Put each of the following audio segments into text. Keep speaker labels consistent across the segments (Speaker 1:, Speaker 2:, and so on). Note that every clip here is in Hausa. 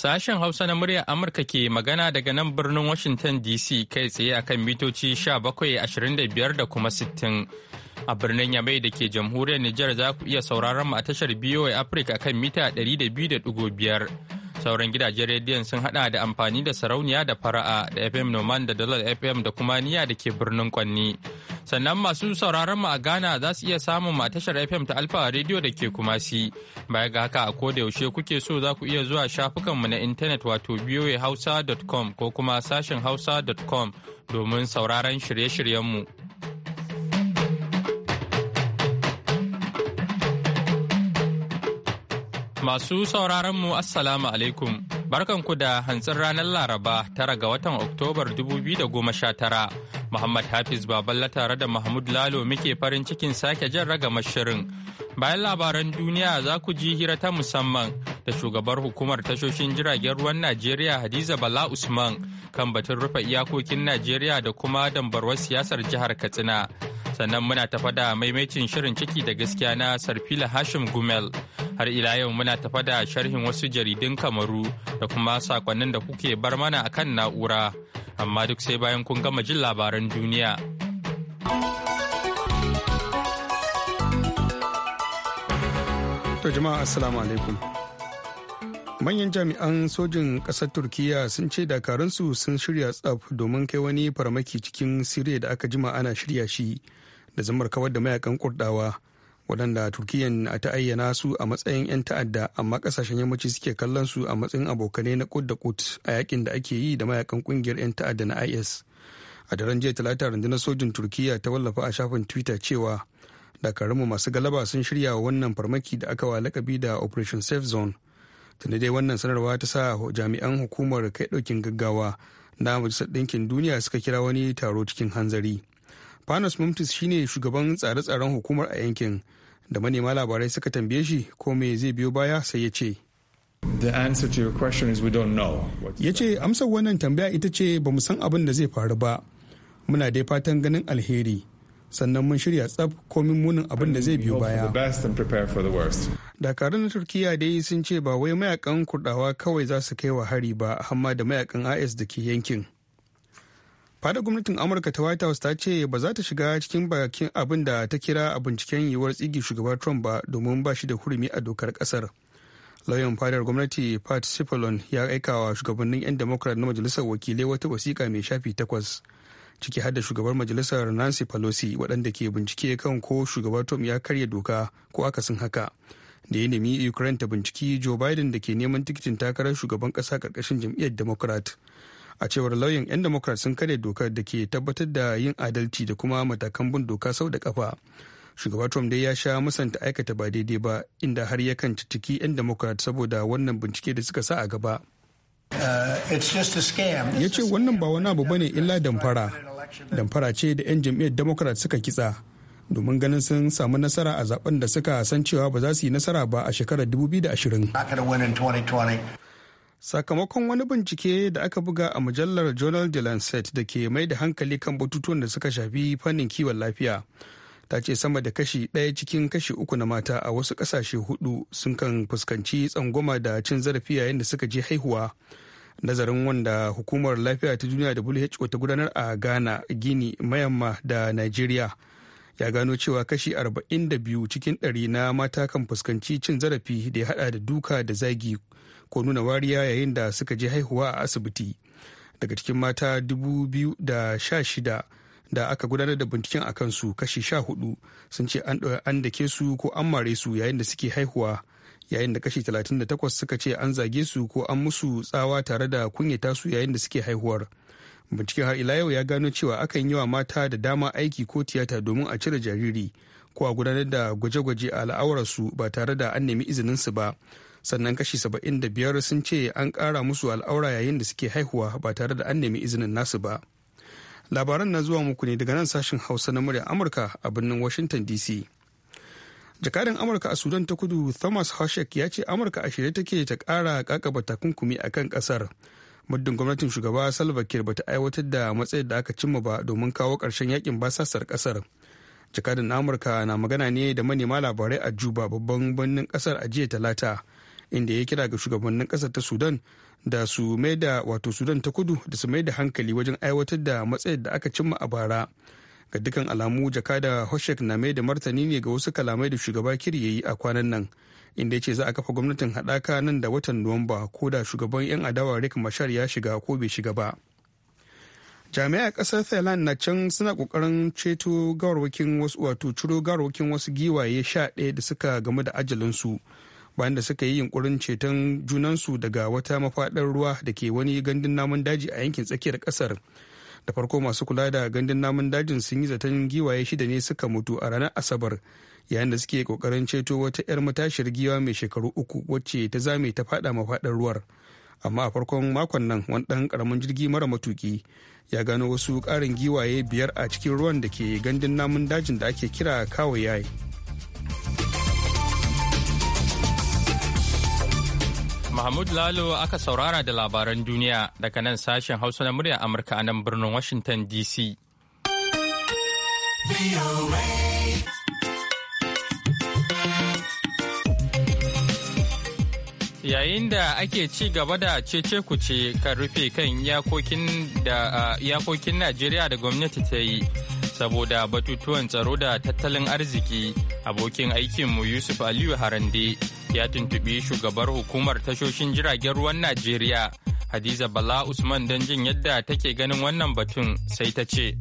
Speaker 1: Sashen Hausa na muryar Amurka ke magana daga nan birnin Washington DC kai tsaye akan mitoci 1725 da kuma 60. A birnin Yamai da ke jamhuriyar Nijar za ku iya sauraron mu a tashar BOA Africa kan mita 200.5. sauran gidajen rediyon sun hada da amfani da sarauniya da fara'a da fm noman da dalar fm da kuma niya da ke birnin kwanni sannan masu sauraron mu a ghana za su iya samun ma tashar fm ta alfa rediyo da ke kumasi baya ga haka a koda yaushe kuke so za ku iya zuwa shafukanmu na intanet wato voahausa.com ko kuma sashen hausa.com domin sauraron shirye-shiryenmu Masu sauraron mu Assalamu alaikum. Barkanku da hantsin ranar Laraba tara ga watan Oktobar 2019. Muhammad Hafiz Baballa tare da Mahmud Lalo muke farin cikin sake jan ragamar shirin. Bayan labaran duniya za ku ji hira ta musamman da shugabar hukumar tashoshin jiragen ruwan Najeriya Hadiza Bala Usman kan batun rufe iyakokin Najeriya da kuma dambarwar siyasar jihar Katsina. Sannan muna tafa da maimaitin shirin ciki da gaskiya na Sarfila Hashim Gumel. har ila yau muna tafa da sharhin wasu jaridun kamaru da kuma sakonnin da kuke bar mana akan na'ura amma duk sai bayan kun gama jin labaran duniya
Speaker 2: to jama'a assalamu alaikum manyan jami'an sojin ƙasar turkiya sun ce dakarunsu sun shirya tsaf domin kai wani farmaki cikin siriya da aka jima ana shirya shi da zamar kawar da mayakan kurdawa waɗanda turkiyyar ta ayyana su a matsayin 'yan ta'adda amma ƙasashen yammaci suke kallon su a matsayin abokanai na kud da kut a yakin da ake yi da mayakan ƙungiyar 'yan ta'adda na is a daren jiya talata rundunar sojin turkiyya ta wallafa a shafin twitter cewa dakarunmu masu galaba sun shirya wa wannan farmaki da aka wa lakabi da operation safe zone tunda dai wannan sanarwa ta sa jami'an hukumar kai ɗaukin gaggawa na majalisar ɗinkin duniya suka kira wani taro cikin hanzari panos mumtis shine shugaban tsare-tsaren hukumar a yankin da manema labarai suka tambaye shi ko me zai biyo baya sai ya ce ya ce amsar wannan tambaya ita ce ba mu san abin da zai faru ba muna dai fatan ganin alheri sannan mun shirya tsab komin munin abin da zai biyo baya dakarun turkiya dai sun ce ba wai mayakan kurdawa kawai za su kai wa hari ba hamma da mayakan is da ke yankin fadar gwamnatin amurka ta white house ta ce ba za ta shiga cikin bakin abin da ta kira a binciken yiwuwar tsigi shugaban trump ba domin ba shi da hurumi a dokar kasar lauyan fadar gwamnati pat cipollon ya aika wa shugabannin 'yan democrat na majalisar wakilai wata wasiƙa mai shafi takwas ciki har da shugabar majalisar nancy pelosi waɗanda ke bincike kan ko shugaba trump ya karya doka ko akasin haka da ya nemi ukraine ta binciki joe biden da ke neman tikitin takarar shugaban ƙasa ƙarƙashin jam'iyyar democrat a cewar lauyan 'yan democrat sun kare dokar da ke tabbatar da yin adalci da kuma matakan bin doka sau da kafa shugaba trump dai ya sha musanta aikata ba daidai ba inda har ya kan ciki 'yan democrat saboda wannan bincike da suka sa a gaba uh, ya ce wannan ba wani abu bane illa damfara damfara ce da 'yan jam'iyyar democrat suka kitsa domin ganin sun samu nasara a zaben da suka san cewa ba za su yi nasara ba a shekarar 2020 sakamakon wani bincike da aka buga a mujallar journal de lancet da ke mai da hankali kan batutuwan da suka shafi fannin kiwon lafiya ta ce sama da kashi ɗaya cikin kashi uku na mata a wasu ƙasashe hudu sun kan fuskanci tsangwama da cin zarafi yayin da suka je haihuwa nazarin wanda hukumar lafiya ta duniya da who ta gudanar a ghana gini mayamma da nigeria ya gano cewa kashi 42 cikin ɗari na mata kan fuskanci cin zarafi da ya hada da duka da zagi ko nuna wariya yayin da suka je haihuwa a asibiti daga cikin mata shida da aka gudanar da binciken a kansu kashi hudu sun ce an dake su ko an mare su yayin da suke haihuwa yayin da kashi 38 suka ce an zage su ko an musu tsawa tare da kunyata su yayin da suke haihuwar binciken har ila yau ya gano cewa akan yi wa mata da dama aiki ko tiyata domin a cire jariri ko a gudanar da gwaje-gwaje a al'aurarsu ba tare da an nemi izininsu ba sannan kashi 75 sun ce an ƙara musu al'aura yayin da suke haihuwa ba tare da an nemi izinin nasu ba labaran na zuwa muku ne daga nan sashen hausa na murya amurka a birnin washington dc jakadan amurka a sudan ta kudu thomas hoshek ya ce amurka a shirye take ta kara kakaba takunkumi a kan ƙasar muddin gwamnatin shugaba salva kiir bata aiwatar da matsayin da aka cimma ba domin kawo karshen yakin basasar ƙasar jakadan amurka na magana ne da manema labarai a juba babban birnin ƙasar a jiya talata inda ya kira ga shugabannin ƙasar ta sudan da su mai da wato sudan ta kudu da su mai da hankali wajen aiwatar da matsayar da aka cimma a bara ga dukkan alamu jakada hoshek na mai da martani ne ga wasu kalamai da shugaba kiri ya yi a kwanan nan inda ya ce za a kafa gwamnatin haɗaka nan da watan nuwamba ko da shugaban 'yan adawa rick mashar ya shiga ko bai shiga ba jami'a kasar thailand na can suna kokarin ceto gawarwakin wasu wato ciro gawarwakin wasu giwaye sha ɗaya da suka game da ajalinsu su bayan da suka yi yunkurin ceton junansu daga wata mafaɗar ruwa da ke wani gandun namun daji a yankin tsakiyar ƙasar da farko masu kula da gandun namun dajin sun yi zaton giwaye shida ne suka mutu a ranar asabar yayin da suke kokarin ceto wata 'yar matashiyar giwa mai shekaru uku wacce ta zame ta fada mafaɗar ruwar amma a farkon makon nan wani ɗan ƙaramin jirgi mara matuki ya gano wasu ƙarin giwaye biyar a cikin ruwan da ke gandun namun dajin da ake kira kawai yayi
Speaker 1: Mahmud Lalo aka saurara da labaran duniya daga nan sashen Hausa na murya Amurka a nan birnin Washington DC. Yayin da ake ci gaba da cece kuce kan rufe kan iyakokin Najeriya da gwamnati ta yi saboda batutuwan tsaro da tattalin arziki abokin aikinmu Yusuf Aliyu Harande ya tuntuɓi shugabar hukumar tashoshin jiragen ruwan Najeriya, Hadiza Bala Usman don jin yadda take ganin wannan batun sai ta ce.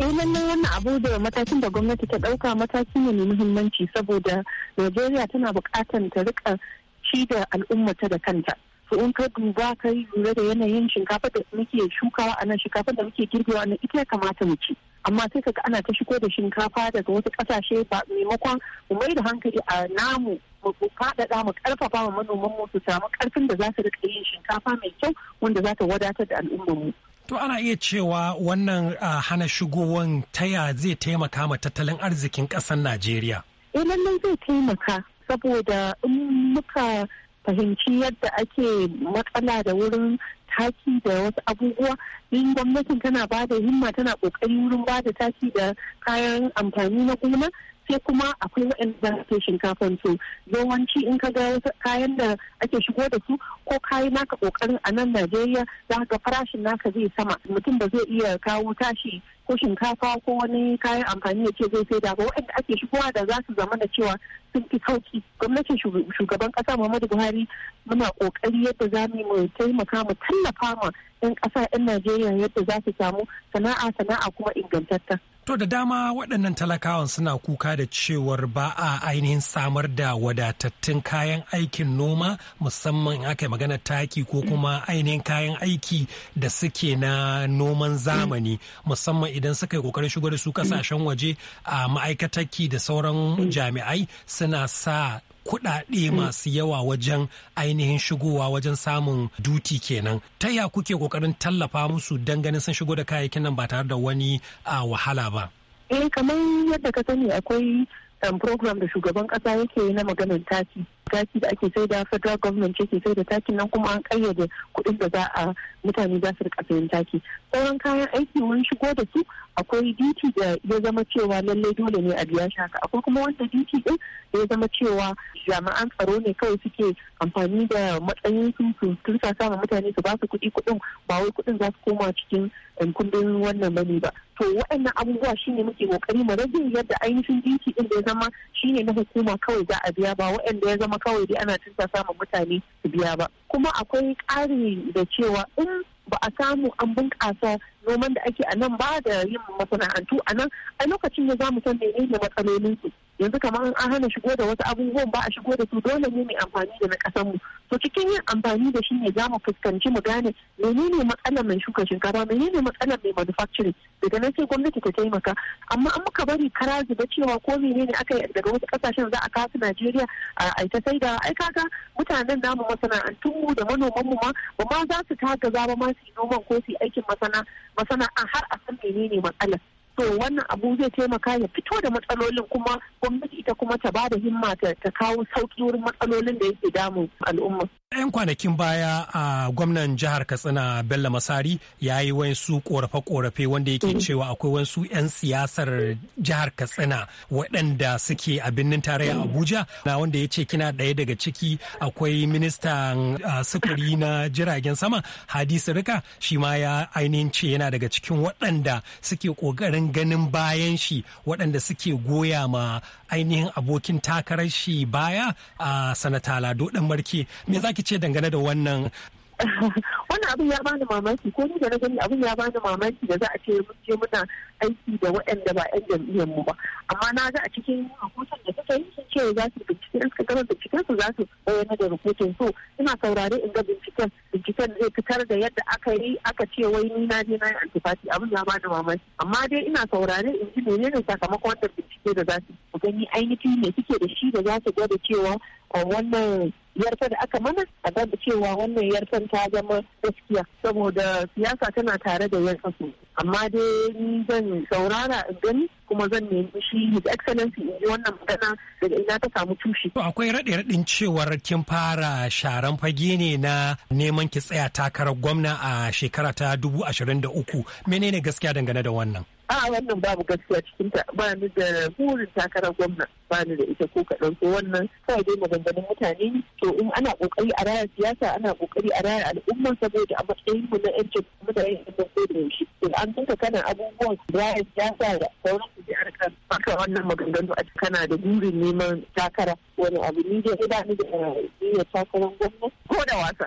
Speaker 3: eh lallai wannan abu da matakin da gwamnati ta ɗauka mataki ne mai muhimmanci saboda najeriya tana buƙatar ta riƙa ci da al'ummata da kanta to in ka duba ka yi lura da yanayin shinkafa da muke shukawa a nan shinkafa da muke girbewa na ita ya kamata mu ci amma sai kaga ana ta shigo da shinkafa daga wasu kasashe ba maimakon mu mai da hankali a namu mu faɗaɗa mu karfafa wa manoman mu su samu karfin da za su rika yin shinkafa mai kyau wanda za ta wadatar da al'ummar mu
Speaker 4: To ana iya cewa wannan hana shigowan taya zai taimaka ma tattalin arzikin ƙasar Najeriya.
Speaker 3: Eh lallai zai taimaka saboda in muka fahimci yadda ake matsala da wurin taki da wasu abubuwa in gwamnatin tana ba da himma tana kokari wurin ba da taki da kayan amfani na gona sai kuma akwai waɗanda ke shinkafa su yawanci in ka ga wasu kayan da ake shigo da su ko kayan naka kokarin a nan najeriya za ka farashin naka zai sama mutum ba zai iya kawo tashi ko shinkafa ko wani kayan amfani ya ce zai sai da waɗanda ake shigowa da za su zama da cewa sun fi sauki gwamnatin shugaban ƙasa muhammadu buhari muna ƙoƙari yadda za mu taimaka mu tallafa ma 'yan ƙasa 'yan najeriya yadda za su samu sana'a sana'a kuma ingantatta.
Speaker 4: To da dama waɗannan talakawan suna kuka da cewar ba a ainihin samar da wadatattun kayan aikin noma musamman aka yi magana taki ko kuma ainihin kayan aiki da suke na noman zamani musamman idan suka yi kokarin shigo da su kasashen waje a ma'aikataki da sauran jami'ai suna sa kuɗaɗe mm. masu yawa wajen ainihin shigowa wajen samun duti kenan ta ya kuke ƙoƙarin tallafa musu don ganin sun shigo da kayayyakin nan ba tare da wani a wahala ba
Speaker 3: eh kamar yadda ka sani akwai um, program da shugaban kasa yake na maganar taki taki da ake sai da federal government ce ke sai da takin nan kuma an kayyade kuɗin da za a mutane za su rika sayan taki sauran kayan aiki mun shigo da su akwai duty da ya zama cewa lallai dole ne a biya shaka akwai kuma wanda duty din da ya zama cewa jami'an tsaro ne kawai suke amfani da matsayin su su turka sama mutane su ba su kuɗi kuɗin ba wai kuɗin za su koma cikin um, kundin wannan bane ba to waɗannan abubuwa shine muke kokari mu rage yadda ainihin duty din da ya zama shine na hukuma kawai za a biya ba waɗanda ya zama kawai dai ana turka sama mutane su biya ba kuma akwai ƙari da cewa in ba a samu an bunƙasa noman da ake a nan ba da yin masana'antu a nan a lokacin da za mu san menene matsalolin su yanzu kamar an hana shigo da wasu abubuwan ba a shigo da su dole ne mai amfani da na kasan mu to cikin yin amfani da shi ne za mu fuskanci mu gane menene matsalar mai shuka shinkafa menene matsalar mai manufacturing daga nan sai gwamnati ta taimaka amma an muka bari kara zuba cewa ko menene aka yi daga wasu kasashen za a kasu Najeriya a ta sai da ai kaga mutanen namu masana'antun mu da manoman mu ma ba ma za su taka zaba ma su yi noman ko su yi aikin masana masana'a har a san menene matsalar to wannan abu zai taimaka ya fito da matsalolin kuma gwamnati ita kuma ta bada himma ta kawo sauki wurin matsalolin da yake damun al'umma 'yan kwanakin
Speaker 4: baya a gwamnan jihar katsina bello masari ya yi wasu korafe-korafe wanda yake mm. cewa akwai wasu 'yan siyasar jihar katsina waɗanda suke a birnin tarayya mm. abuja na wanda ya ce kina ɗaya daga ciki akwai ministan sufuri na jiragen sama hadi sirika shi ma ya ainihin ce yana daga cikin waɗanda suke ƙoƙarin ganin bayan shi waɗanda suke goya ma ainihin abokin takarar shi baya a sanata lado dan marke me zaki ce dangane da wannan
Speaker 3: wannan abin ya bani mamaki ko ni da na gani abin ya bani mamaki da za a ce mun je muna aiki da waɗanda ba 'yan jam'iyyar mu ba amma na ga a cikin rahoton da suka yi sun ce za su bincike in suka gama binciken su za su bayyana da rahoton so ina saurare in ga binciken binciken zai fitar da yadda aka yi aka ce wai ni na je na yi antifati abin ya bani mamaki amma dai ina saurare in ji menene sakamakon wannan bincike da za su gani ainihin ne suke da shi da za su gwada cewa oh, wannan yarda da aka mana a gaba cewa wannan yarsan ta zama gaskiya saboda siyasa tana tare da yan kaso amma dai ni zan saurara in gani kuma zan nemi shi his excellency in ji wannan magana daga ina ta samu tushe. To akwai raɗe raɗin cewar kin
Speaker 4: fara sharan fage ne na neman ki tsaya takarar gwamna a shekara ta dubu ashirin da uku menene gaskiya dangane da wannan?
Speaker 3: a wannan babu gaskiya cikin ta ba ni da burin takarar gwamna ba ni da ita ko kaɗan ko wannan kawai dai maganganun mutane to in ana kokari a raya siyasa ana kokari a raya al'umma saboda a matsayin mu na yan jam'iyyu da yan ko da yaushe to an tunka kana abubuwan raya siyasa da sauran su a kan maka wannan maganganu a kana da burin neman takara wani abu ni dai ba ni da eh, niyyar takarar gwamna ko da
Speaker 1: wasa.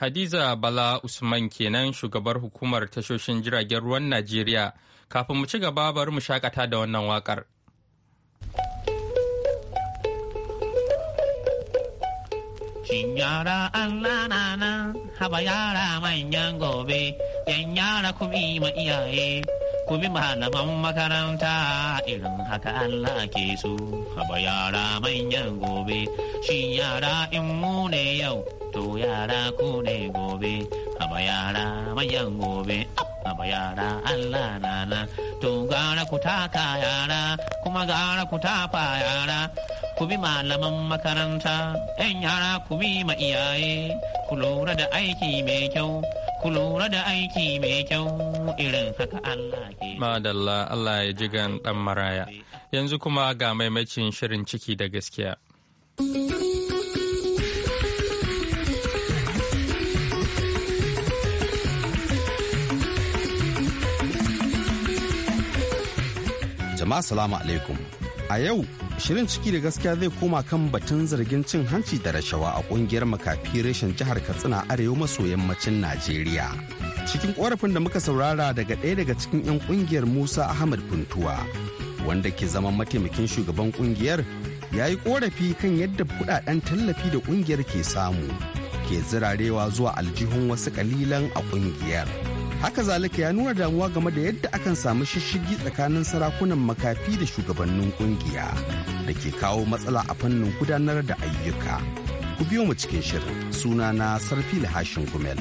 Speaker 1: Hadiza Bala Usman kenan shugabar hukumar tashoshin jiragen ruwan Najeriya. kafin mu ci gaba bari mu shakata da wannan wakar.
Speaker 3: Shin yara Allah na nan haba yara manyan gobe, yan yara ku ma iyaye, ku malaman makaranta irin haka Allah ke so, haba yara manyan gobe, shin yara in mu ne yau. to yara ku ne gobe haba yara mayan gobe haba yara Allah nana to gara ku taka yara kuma gara ku tafa yara ku bi malaman makaranta yan yara ku bi ma iyaye ku lura da aiki mai kyau ku lura da aiki mai kyau irin haka Allah
Speaker 1: ke madalla Allah ya jigan dan maraya yanzu kuma ga maimacin shirin ciki da gaskiya
Speaker 5: jama'a salamu alaikum a yau shirin ciki da gaskiya zai koma kan batun zargin cin hanci da rashawa a kungiyar makafi reshen jihar katsina arewa maso yammacin najeriya cikin korafin da muka saurara daga ɗaya daga cikin 'yan kungiyar musa ahmad puntuwa wanda ke zama mataimakin shugaban kungiyar ya yi korafi kan yadda kuɗaɗen tallafi da kungiyar ke samu ke zirarewa zuwa aljihun wasu kalilan a kungiyar. haka zalika ya nuna damuwa game da yadda akan samu shishigi tsakanin sarakunan makafi da shugabannin kungiya da ke kawo matsala a fannin gudanar da ayyuka ku biyo mu cikin shirin suna na sarfi hashin gumel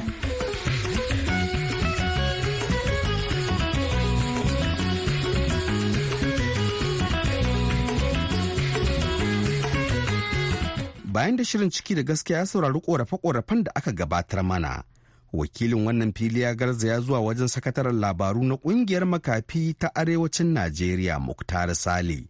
Speaker 5: bayan da shirin ciki da gaskiya ya saurari korafe-korafen da aka gabatar mana wakilin wannan fili ya garzaya zuwa wajen sakataren labaru na kungiyar makafi ta arewacin najeriya muktar Sali,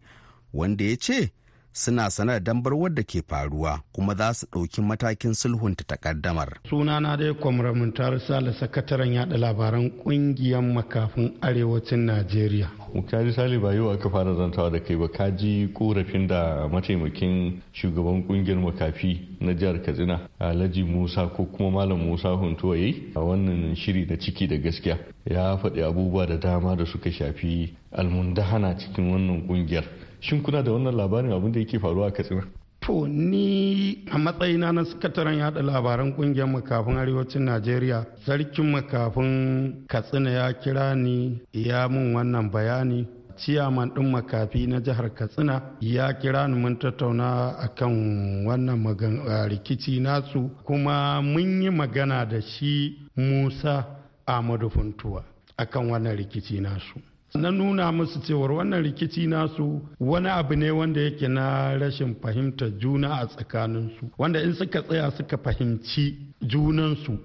Speaker 5: wanda ya ce suna sanar da dambar wadda ke faruwa kuma za su ɗauki matakin sulhunta takaddamar.
Speaker 6: sunana dai muntar sale sakataren yada labaran ƙungiyar makafin arewacin najeriya
Speaker 7: kaji sale ba yau aka fara zantawa da kai ba ka korafin da mataimakin shugaban ƙungiyar makafi na jihar katsina alhaji musa ko kuma malam musa huntuwa yayi a wannan shiri da ciki da gaskiya ya faɗi abubuwa da dama da suka shafi almundahana cikin wannan ƙungiyar. shin kuna da wannan labarin abin da yake faruwa a katsina
Speaker 6: to ni a matsayina na sakataren yada labaran kungiyar makafin arewacin najeriya sarkin makafin katsina ya kira ni ya mun wannan bayani ciyaman ɗin makafi na jihar katsina ya kira ni mun tattauna akan wannan rikici nasu kuma mun yi magana da shi musa amadu funtuwa akan wannan rikici nasu na nuna musu cewar wannan rikici nasu wani abu ne wanda yake na rashin fahimtar juna a tsakaninsu wanda in suka tsaya suka fahimci junansu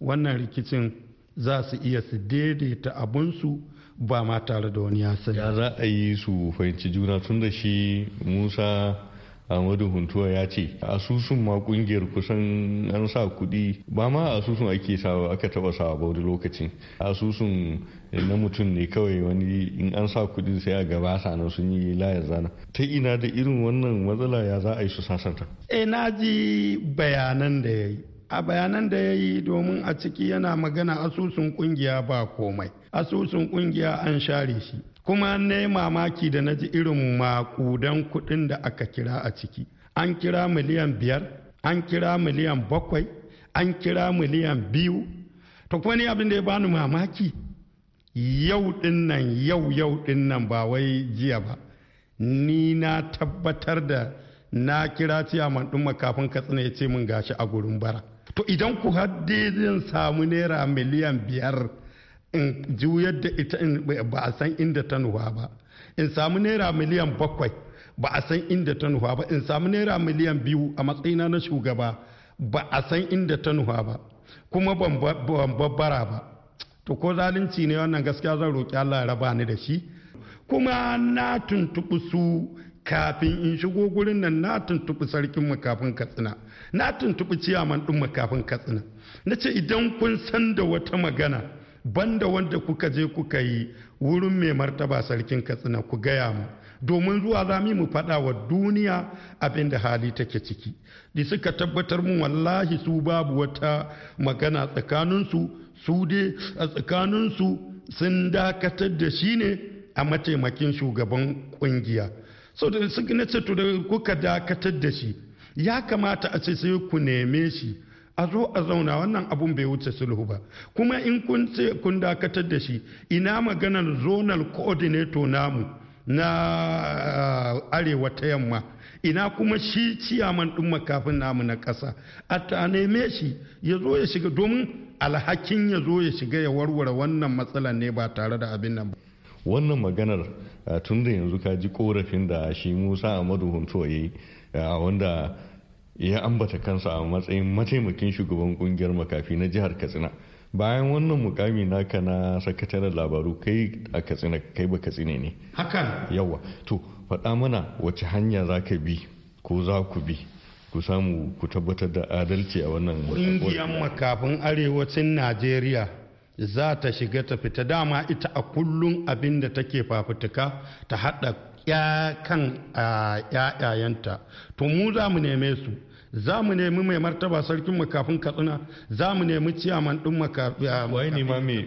Speaker 6: wannan rikicin za su iya su daidaita abunsu ba ma tare da wani ya Ya
Speaker 7: za a yi su fahimci juna tun da shi Musa Ahmadu Huntuwa ya ce asusun ma kungiyar kusan an sa kuɗi ba ma asusun ake sawa aka taba sawa ba wani lokacin asusun na mutum ne kawai wani in an sa kudi sai a gaba sanan sun yi layar zana ta ina da irin wannan matsala ya za a yi su sasanta.
Speaker 6: eh na ji bayanan da ya yi a bayanan da ya yi domin a ciki yana magana asusun kungiya ba komai asusun kungiya an share shi kuma ne mamaki da na ji irin makudan kuɗin da aka kira a ciki an kira miliyan biyar an kira miliyan bakwai an kira miliyan biyu to kuma ni abin da ya bani mamaki yau ɗin nan yau yau ɗin nan ba wai jiya ba ni na tabbatar da na kira ciyaman ɗin kafin katsina ya ce min gashi a gurin bara to idan ku hadde zan samu naira miliyan biyar in juyar da ita ba a san inda ta nufa ba in samu naira miliyan bakwai ba a san inda ta nufa ba in samu naira miliyan biyu a matsayina na shugaba ba a san inda ta nufa ba kuma ban babbara ba to ko zalunci ne wannan gaskiya zan roƙi Allah ya raba ni da shi kuma na tuntuɓi su kafin in shigo gurin nan na tuntuɓi sarkin mu kafin katsina na tuntuɓi ciyaman ɗin mu kafin katsina na ce idan kun san da wata magana banda wanda kuka je kuka yi wurin mai martaba sarkin katsina ku gaya mu domin zuwa za mu faɗa wa duniya abin da hali take ciki da suka tabbatar mu wallahi su babu wata magana tsakaninsu su dai a tsakaninsu sun dakatar da shi ne a mataimakin shugaban kungiya so da suka na ce to da kuka dakatar da shi ya kamata a ce sai ku neme shi a zo a zauna wannan abun bai wuce sulhu ba kuma in kun ce kun dakatar da shi ina maganar zonal coordinator namu na ah, arewa ta yamma ina kuma shi ciyaman ɗin makafin namu na kasa a neme shi ya zo ya shiga domin alhakin ya zo ya shiga ya warware wannan matsalar ne ba tare da abin nan ba
Speaker 7: wannan maganar ah, tun da yanzu ka ji korafin da shi musa amadu hunto ya yi ah, wanda ya ambata kansa a matsayin mataimakin shugaban kungiyar makafi na jihar katsina bayan wannan mukami naka na sakataren labaru kai a katsina kai ba katsina ne hakan yawa to faɗa mana wace
Speaker 6: hanya za ka bi ko za ku bi ku samu ku tabbatar da adalci a wannan kungiyar makafin arewacin najeriya za ta shiga ta fita dama ita a kullum abin da take fafutuka ta haɗa yakan a ‘ya'yayanta to mu za mu neme su za mu nemi mai martaba sarkin makafin katsina za mu nemi ciyaman din makafin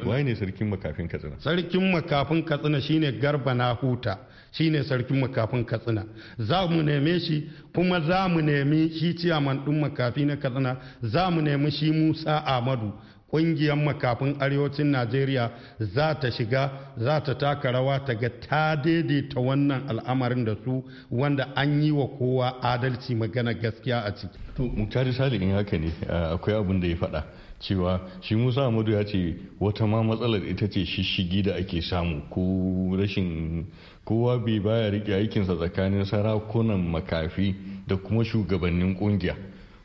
Speaker 6: waye sarkin makafin katsina sarkin makafin shine garba na huta shine sarkin makafin katsina za mu neme shi kuma za mu nemi shi ciyaman din makafi na katsina za mu nemi shi musa amadu kungiyar makafin arewacin najeriya za ta shiga za ta taka rawa ta ga ta daidaita wannan al'amarin da su wanda an yi wa kowa adalci magana gaskiya a ciki. to sali salihin haka ne akwai
Speaker 7: abin da ya faɗa cewa shi musa amadu ya ce wata ma matsalar ita ce shishigi da ake samu ko rashin kowa bai baya rike aikinsa tsakanin sarakunan makafi da kuma shugabannin kungiya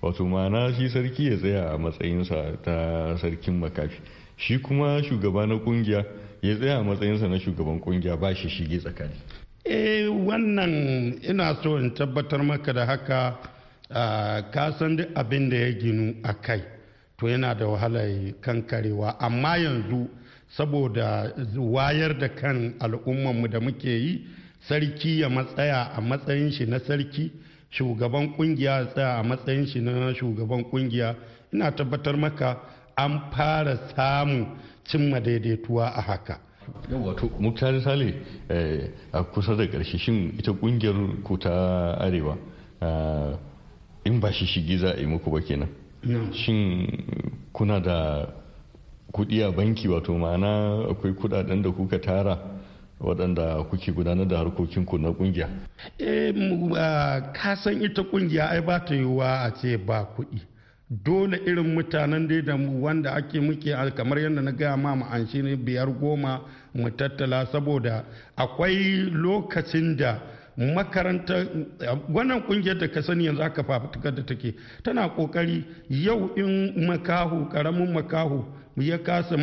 Speaker 7: wato ma'ana shi sarki ya tsaya a matsayinsa ta sarkin makafi shi kuma shugaba na kungiya ya tsaya a matsayinsa na shugaban kungiya ba shi shige tsakani
Speaker 6: eh wannan ina so in tabbatar maka da haka ah, ka san duk abin da ya ginu a kai to yana da kan karewa amma yanzu saboda wayar da kan al'ummanmu da muke yi sarki ya matsaya a matsayin shi na sarki shugaban kungiya tsaya a matsayin shi na shugaban kungiya ina tabbatar maka an fara samu cimma daidaituwa a haka
Speaker 7: wato muktar sale eh, a kusa da ƙarshe shin ita kungiyar ku ta arewa eh, in ba shi shigi za a yi muku ba kenan shin kuna da kudi a banki wato ma'ana akwai kudaden da kuka tara waɗanda kuke gudanar da harkokinku na kungiya?
Speaker 6: eh ka ita ƙungiya ai ba ta yiwuwa a ce ba kuɗi dole irin mutanen dai da wanda ake muke kamar yadda na gaya ma an shi ne biyar goma mu tattala saboda akwai lokacin da makaranta wannan kungiyar da ka sani yanzu aka fafutukar da take tana kokari yau in makahu karamin makahu ya kasa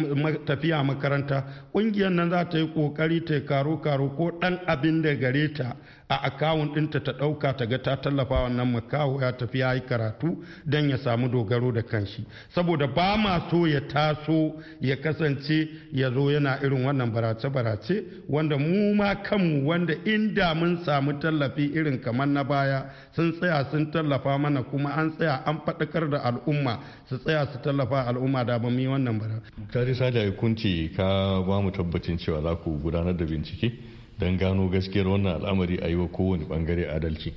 Speaker 6: tafiya makaranta ƙungiyar nan za ta yi ƙoƙari ta karo karo ko ɗan abin da gare ta a akawun ɗinta ta ɗauka ta ga ta tallafa wannan makawo ya tafi ya yi karatu don ya samu dogaro da kanshi saboda ba ma so ya taso ya kasance ya zo yana irin wannan barace-barace wanda mu ma kanmu wanda inda mun samu tallafi irin kamar na baya sun tsaya sun tallafa mana kuma an tsaya an faɗakar da al'umma su tsaya su tallafa al'umma da ba mu yi wannan bara.
Speaker 7: Kari sada kunci ka ba mu tabbacin cewa za ku gudanar da bincike don gano gaskiyar wannan al'amari a yi wa kowane bangare adalci.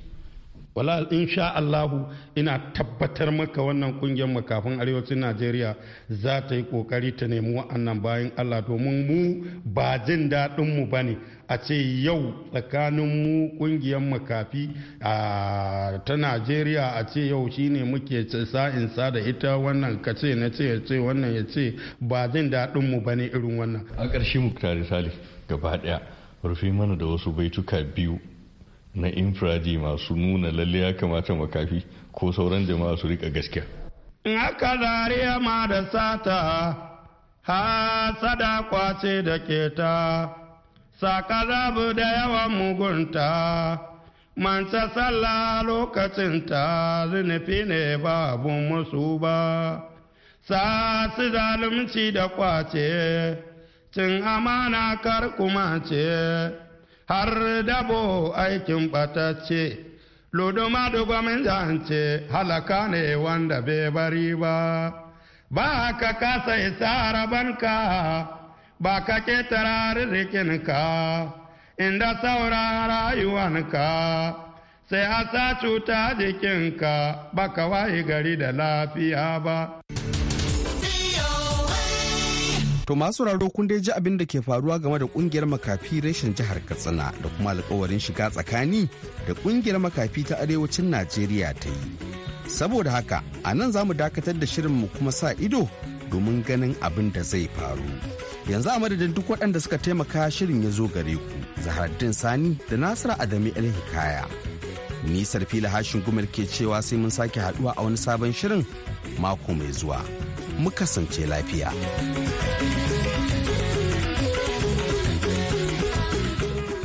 Speaker 6: wala insha Allahu ina tabbatar maka wannan kungiyar makafin arewacin Najeriya za ta yi kokari ta nemi wa'annan bayan Allah domin mu ba jin daɗin mu bane a ce yau tsakanin mu kungiyar makafi ta Najeriya a ce yau shine muke in sa da ita wannan ka ce na ce ce wannan ya ce ba jin daɗin mu bane irin wannan a ƙarshe mu tare
Speaker 7: sali gaba ɗaya rufe mana da wasu baituka biyu na infradi masu nuna lalle ya kamata makafi ko sauran jama'a su rika gaskiya.
Speaker 6: In aka zariya ma da sata, ha sada kwace da keta, saka zabu da yawan mugunta, manta sallah lokacin ta zunufi ne ba abun musu ba, sa su zalunci da kwace, cin amana kar kuma ce. har dabo aikin ɓatacce luduma min zance halaka ne wanda bai bari ba ba ka kasa isa rabanka ba ka ketara ka inda sauran rayuwanka sai a sa cuta jikinka ba ka waye gari da lafiya ba.
Speaker 5: To masu raro kun dai ji abin da ke faruwa game da kungiyar makafi reshen jihar Katsina da kuma alkawarin shiga tsakani da kungiyar makafi ta arewacin Najeriya ta yi. Saboda haka a nan za mu dakatar da shirin mu kuma sa ido domin ganin abin da zai faru. Yanzu a madadin duk waɗanda suka taimaka shirin ya zo gare ku, Zaharaddin Sani da Nasiru Adami El Hikaya. Ni Sarfila Hashin Gumel ke cewa sai mun sake haɗuwa a wani sabon shirin mako mai zuwa. Mu kasance lafiya.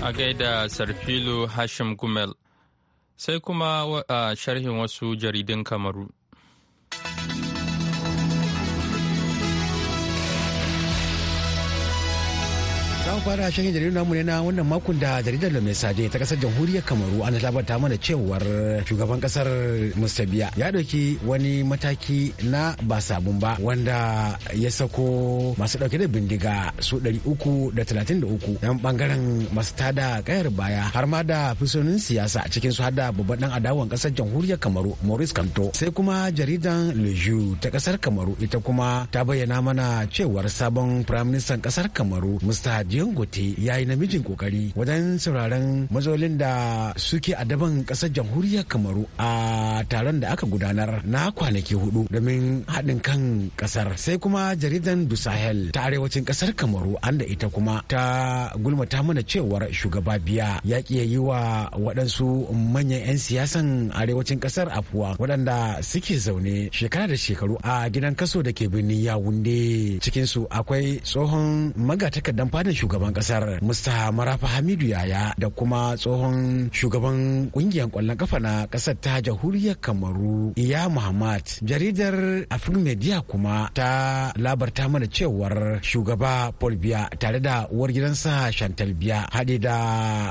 Speaker 1: A gaida Sarfilo Hashim Gumel, sai kuma a sharhin wasu jaridun Kamaru.
Speaker 8: Zan fara shirin jaridar namu ne wannan makon da jaridar da mai ta kasar jamhuriyar Kamaru an labarta mana cewar shugaban kasar Mr. ya ɗauki wani mataki na ba sabon ba wanda ya sako masu dauke da bindiga su 333 dan bangaren masu tada kayar baya har ma da fisonin siyasa cikin su hada babban dan adawan kasar jamhuriyar Kamaru Maurice Kanto sai kuma jaridan Le ta kasar Kamaru ita kuma ta bayyana mana cewar sabon firaministan kasar Kamaru Mr. Gote ya yi namijin kokari wajen sauraren matsalolin da suke a daban kasar jamhuriyar Kamaru a taron da aka gudanar na kwanaki hudu domin haɗin kan kasar. Sai kuma jaridan Du Sahel ta arewacin kasar Kamaru anda ita kuma ta gulmata mana cewar shugaba biya ya ƙi yi wa waɗansu manyan 'yan siyasan arewacin kasar afuwa waɗanda suke zaune shekara da shekaru a gidan kaso da ke birnin Yawunde cikinsu akwai tsohon magatakardan fadin shugaban kasar Musta Marafa Hamidu Yaya da kuma tsohon shugaban kungiyar kwallon kafa na kasar ta Jamhuriyar Kamaru Iya Muhammad. Jaridar Afrin Media kuma ta labarta mana cewar shugaba Paul Biya tare da uwar gidansa Chantal Biya haɗe da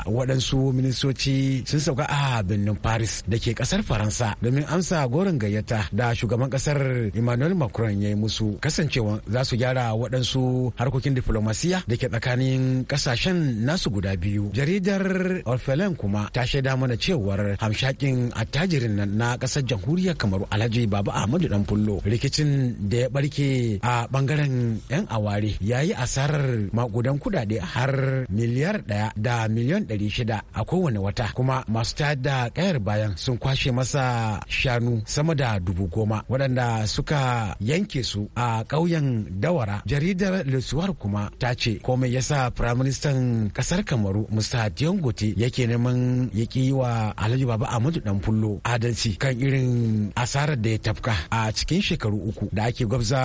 Speaker 8: waɗansu ministoci sun sauka a birnin Paris da ke kasar Faransa domin amsa goron gayyata da shugaban kasar Emmanuel Macron ya yi musu kasancewa za su gyara waɗansu harkokin diflomasiya da ke tsakanin tsakanin kasashen nasu guda biyu jaridar orphelin kuma ta shaida mana cewar hamshakin attajirin nan na kasar jamhuriyar kamaru alhaji baba ahmadu dan fullo rikicin da ya barke a bangaren yan aware ya yi asarar makudan kudade har miliyar daya da miliyan ɗari shida a kowane wata kuma masu tayar da kayar bayan sun kwashe masa shanu sama da dubu goma waɗanda suka yanke su a ƙauyen dawara jaridar lusuwar kuma ta ce komai yasa sa firaministan kasar kamaru musta dangote yake neman ya ki wa alhaji baba ahmadu dan fullo adalci kan irin asarar da ya tafka a cikin shekaru uku da ake gwabza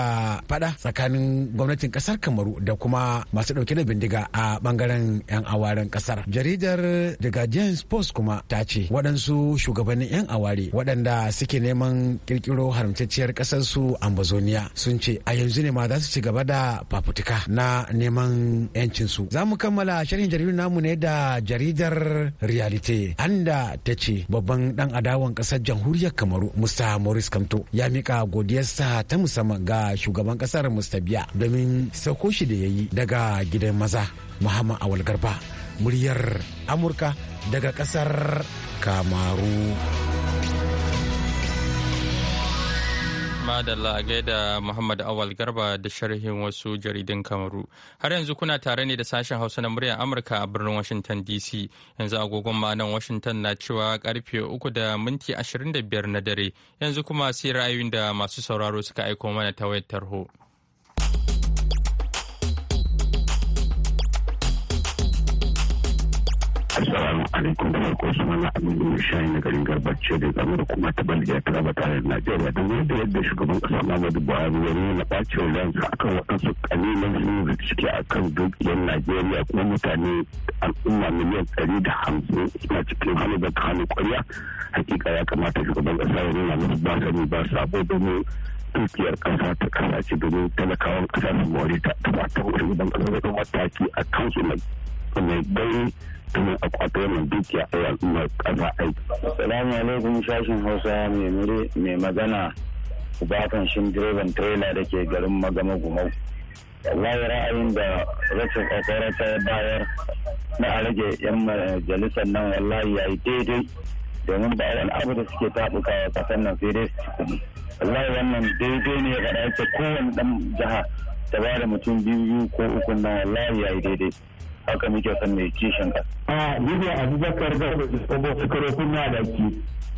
Speaker 8: fada tsakanin gwamnatin kasar kamaru da kuma masu dauke da bindiga a bangaren yan awaren kasar jaridar the guardian post kuma ta ce waɗansu shugabannin yan aware waɗanda suke neman kirkiro haramtacciyar kasar su ambazoniya sun ce a yanzu ne ma za su ci gaba da fafutuka na neman yanci su za mu kammala shirin jaridun namu ne da jaridar realite anda ta ce babban dan adawan kasar jamhuriyar kamaru musta morris kamto ya mika godiyarsa ta musamman ga shugaban kasar musta biya domin sauko shi da ya yi daga gidan maza muhammad awal garba muryar amurka daga kasar kamaru.
Speaker 1: Madalla a gaida Muhammad Awal Garba da sharhin wasu jaridun Kamaru. Har yanzu kuna tare ne da sashen Hausa na muryar Amurka a birnin Washington DC. Yanzu agogon ma'anan Washington na cewa karfe uku da minti 25 na dare. Yanzu kuma sai ra'ayoyin da masu sauraro suka aiko mana ta wayar tarho. Assalamu alaikum da farko suna na Aminu Shayi na garin
Speaker 3: Garbace da zama da kuma ta balgiya ta raba tare da Najeriya don yadda yadda shugaban kasa Muhammadu Buhari ya nuna bacin ransa akan waɗansu kalilan su da ciki akan dukiyar Najeriya kuma mutane al'umma miliyan ɗari da hamsin suna cikin hannu da hannu ƙwarya hakika ya kamata shugaban kasa ya nuna musu ba sani ba sabo domin dukiyar kasa ta kasa ce domin talakawan kasa su ta ta ba ta shugaban kasa da mataki a kansu mai mai bai kuma a kwato mai dukiya a al'ummar ƙasa aiki.
Speaker 8: Salamu alaikum sashen Hausa mai magana ubatan shin direban tirela da ke garin magama gumau. Wallahi ra'ayin da rashin kwakwara ta bayar na a rage 'yan majalisar nan wallahi ya yi daidai domin ba wani abu da suke taɓuka a ƙasar nan sai dai wallahi wannan daidai ne ya faɗa yake kowane ɗan jiha ta ba da mutum biyu ko uku nan wallahi ya yi daidai. haka muke san mai kishin ka. a bibiya abubakar da obo sukaro kuma da ke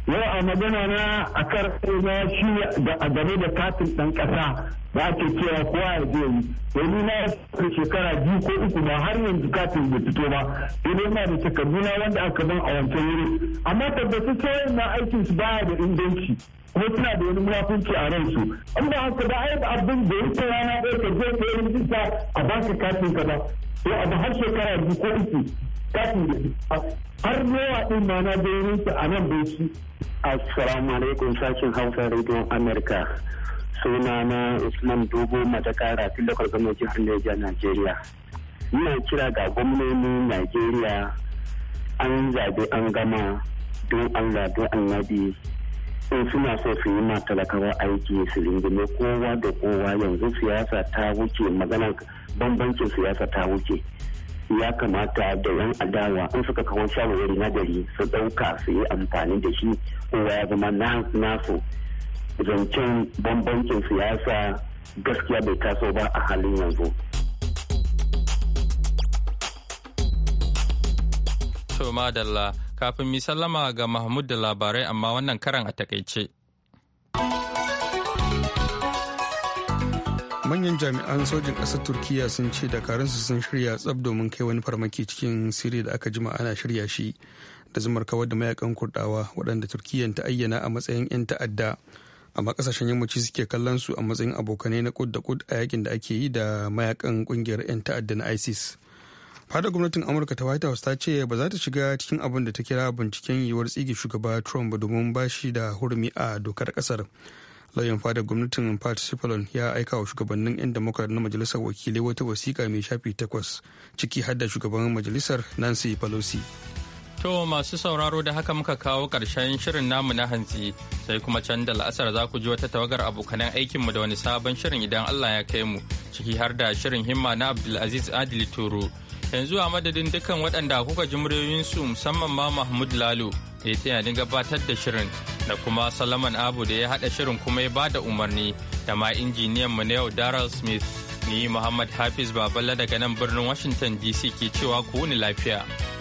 Speaker 3: yau a magana na a karfe na shi da game da katin ɗan ƙasa da ake cewa kowa ya je yi Wani na yasa shekara biyu ko uku ba har yanzu katin bai fito ba Ina yana da takardu na wanda aka ban a wancan wuri amma tabbatar sai na aikin baya da inganci kuma suna da wani munafunci a ransu an ba haka ba ai abin da ya ta rana ɗaya ka je ka yi a ba ka katin ka ba to abu har shekara biyu ko uku katin da har yawa ɗin ma na je a nan
Speaker 4: bauchi. assalamu alaikum sashin hausa radio america suna na
Speaker 3: usman dogo matakara tun da jihar niger nigeria ina kira ga gwamnonin nigeria an zabe an gama don allah
Speaker 4: don annabi in suna so su yi ma talakawa aiki su ringume kowa da kowa yanzu siyasa ta wuce magana bambancin siyasa ta wuce ya kamata da yan adawa in suka kawo shawarwari na gari su ɗauka su yi amfani
Speaker 3: da shi kowa ya zama nasu zancen bambancin siyasa gaskiya bai taso ba a halin yanzu.
Speaker 1: To madalla kafin mi sallama ga Mahmud da labarai amma wannan karan a takaice.
Speaker 2: Manyan jami'an sojin ƙasar Turkiyya sun ce dakarunsu sun shirya tsab domin kai wani farmaki cikin sirri da aka jima ana shirya shi da zumar kawar da mayakan kurdawa waɗanda turkiyya ta ayyana a matsayin 'yan ta'adda. Amma ƙasashen yammaci suke kallon su a matsayin abokanai na kud da kud a yakin da ake yi da mayakan ƙungiyar 'yan ta'adda na ISIS. fada gwamnatin amurka ta white house ta ce ba za ta shiga cikin abin da ta kira binciken yiwuwar tsige shugaba trump domin ba shi da hurumi a dokar kasar lauyan fadar gwamnatin pat cipollon ya aika wa shugabannin 'yan democrat na majalisar wakilai wata wasiƙa mai shafi takwas ciki hadda shugaban majalisar nancy pelosi
Speaker 1: To masu sauraro da haka muka kawo karshen shirin namu na hantsi sai kuma can da la'asar za ku ji wata tawagar abokanan aikinmu da wani sabon shirin idan Allah ya kai mu ciki har da shirin himma na Abdulaziz Adili turu. yanzu a madadin dukkan waɗanda kuka ji muryoyinsu musamman ma mahmud lalo da ya ni gabatar da shirin da kuma salaman abu da ya haɗa shirin kuma ya ba da umarni da ma injiniyan mu na yau daryl smith ni muhammad hafiz baballa daga nan birnin washington dc ke cewa ku wuni lafiya.